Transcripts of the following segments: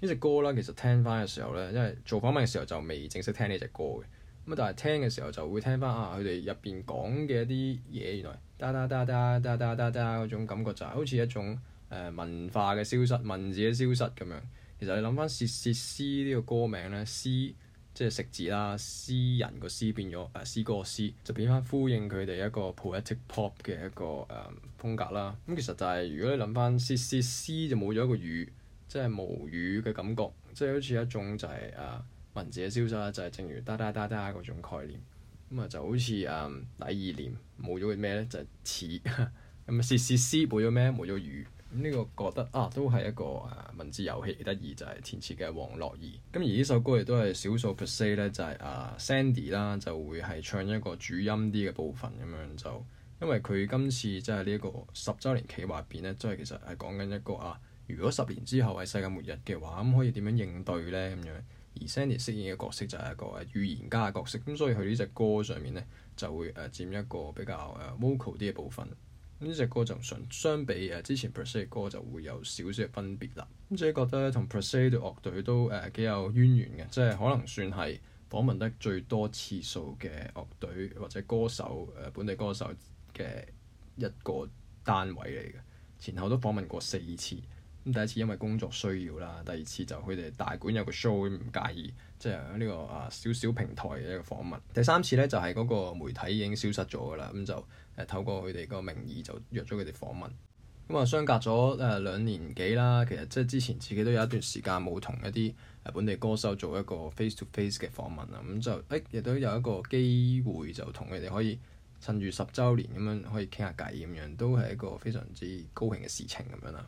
呢隻歌啦，其實聽翻嘅時候咧，因為做訪問嘅時候就未正式聽呢隻歌嘅，咁但係聽嘅時候就會聽翻啊，佢哋入邊講嘅一啲嘢，原來嗒嗒嗒嗒嗒嗒嗒嗒嗰種感覺就係好似一種誒文化嘅消失、文字嘅消失咁樣。其實你諗翻《竊竊詩》呢個歌名咧，詩即係食字啦，私人個私變咗誒詩歌個詩，就變翻呼應佢哋一個 poetic pop 嘅一個誒風格啦。咁其實就係如果你諗翻《竊竊詩》就冇咗一個語。即係無語嘅感覺，即係好似一種就係、是、誒、啊、文字嘅消失，就係、是、正如噠噠噠噠，噠」嗰種概念。咁啊、嗯，就好似誒第二年，冇咗嘅咩咧，就係似」。咁啊，詩詩詩冇咗咩？冇咗語。咁呢個覺得啊，都係一個誒、啊、文字遊戲嘅得意，就係、是、填詞嘅王樂儀。咁而呢首歌亦都係少數 per se 咧，就係、是、誒、啊、Sandy 啦，就會係唱一個主音啲嘅部分咁樣就，因為佢今次即係呢、就是、一個十週年企劃入邊咧，即係其實係講緊一個啊。如果十年之後係世界末日嘅話，咁可以點樣應對呢？咁樣而 Sandy 飾演嘅角色就係一個預言家嘅角色，咁所以佢呢隻歌上面呢，就會誒佔一個比較誒、uh, vocal 啲嘅部分。咁呢隻歌就相相比誒之前 per se 嘅歌就會有少少嘅分別啦。咁即係覺得同 per se 樂隊都誒幾、呃、有淵源嘅，即係可能算係訪問得最多次數嘅樂隊或者歌手誒、呃、本地歌手嘅一個單位嚟嘅，前後都訪問過四次。第一次因為工作需要啦，第二次就佢哋大館有個 show 唔介意，即係呢個啊少少平台嘅一個訪問。第三次呢，就係嗰個媒體已經消失咗㗎啦，咁就誒透過佢哋個名義就約咗佢哋訪問。咁啊，相隔咗誒兩年幾啦，其實即係之前自己都有一段時間冇同一啲本地歌手做一個 face to face 嘅訪問啦。咁就誒亦都有一個機會就同佢哋可以趁住十週年咁樣可以傾下偈咁樣，都係一個非常之高興嘅事情咁樣啦。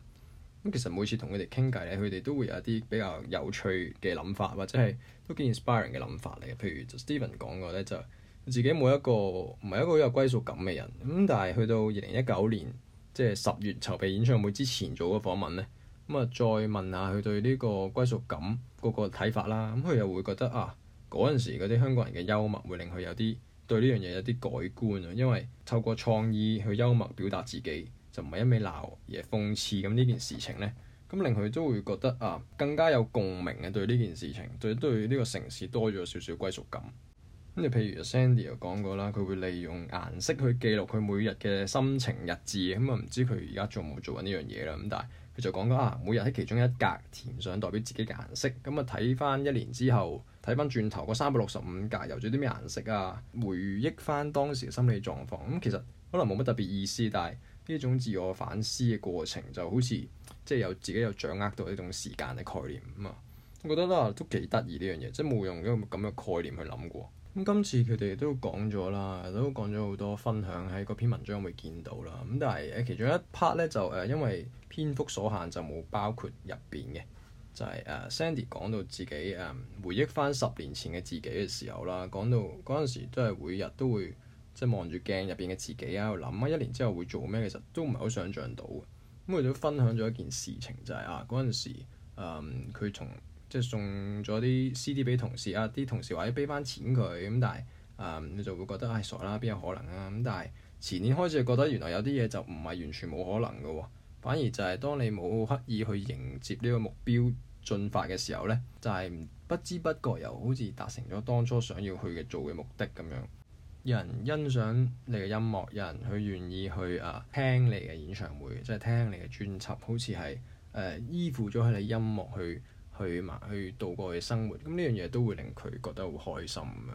其實每次同佢哋傾偈咧，佢哋都會有一啲比較有趣嘅諗法，或者係都幾 inspiring 嘅諗法嚟嘅。譬如 Stephen 講過咧，就是、自己冇一個唔係一個好有歸屬感嘅人。咁但係去到二零一九年即係十月籌備演唱會之前做嘅訪問咧，咁、嗯、啊再問下佢對呢個歸屬感個個睇法啦。咁、嗯、佢又會覺得啊，嗰陣時嗰啲香港人嘅幽默會令佢有啲對呢樣嘢有啲改觀啊，因為透過創意去幽默表達自己。就唔係一味鬧，而係諷刺咁呢件事情呢，咁、嗯、令佢都會覺得啊，更加有共鳴嘅對呢件事情，對對呢個城市多咗少少歸屬感。咁、嗯、你譬如 Sandy 又講過啦，佢會利用顏色去記錄佢每日嘅心情日誌，咁啊唔知佢而家做冇做緊呢樣嘢啦。咁、嗯、但係佢就講緊啊，每日喺其中一格填上代表自己嘅顏色，咁啊睇翻一年之後，睇翻轉頭嗰三百六十五格有咗啲咩顏色啊，回憶翻當時嘅心理狀況。咁、嗯、其實可能冇乜特別意思，但係。呢種自我反思嘅過程，就好似即係有自己有掌握到呢種時間嘅概念咁啊！我覺得都幾得意呢樣嘢，即係冇用咁嘅概念去諗過。咁今次佢哋都講咗啦，都講咗好多分享喺嗰篇文章會見到啦。咁但係誒其中一 part 咧，就誒、呃、因為篇幅所限就冇包括入邊嘅，就係、是、誒、呃、Sandy 講到自己誒、呃、回憶翻十年前嘅自己嘅時候啦，講到嗰陣時都係每日都會。即望住鏡入邊嘅自己啊，喺度諗啊，一年之後會做咩？其實都唔係好想像到嘅。咁佢都分享咗一件事情就係、是、啊，嗰陣時佢從、嗯、即係送咗啲 CD 俾同事啊，啲同事話要畀翻錢佢，咁但係誒你就會覺得唉、哎，傻啦，邊有可能啊？咁但係前年開始就覺得原來有啲嘢就唔係完全冇可能嘅喎，反而就係當你冇刻意去迎接呢個目標進發嘅時候咧，就係、是、不知不覺又好似達成咗當初想要去嘅做嘅目的咁樣。有人欣賞你嘅音樂，有人去願意去啊聽你嘅演唱會，即係聽你嘅專輯，好似係誒依附咗喺你音樂去去埋去度過佢嘅生活，咁呢樣嘢都會令佢覺得好開心啊！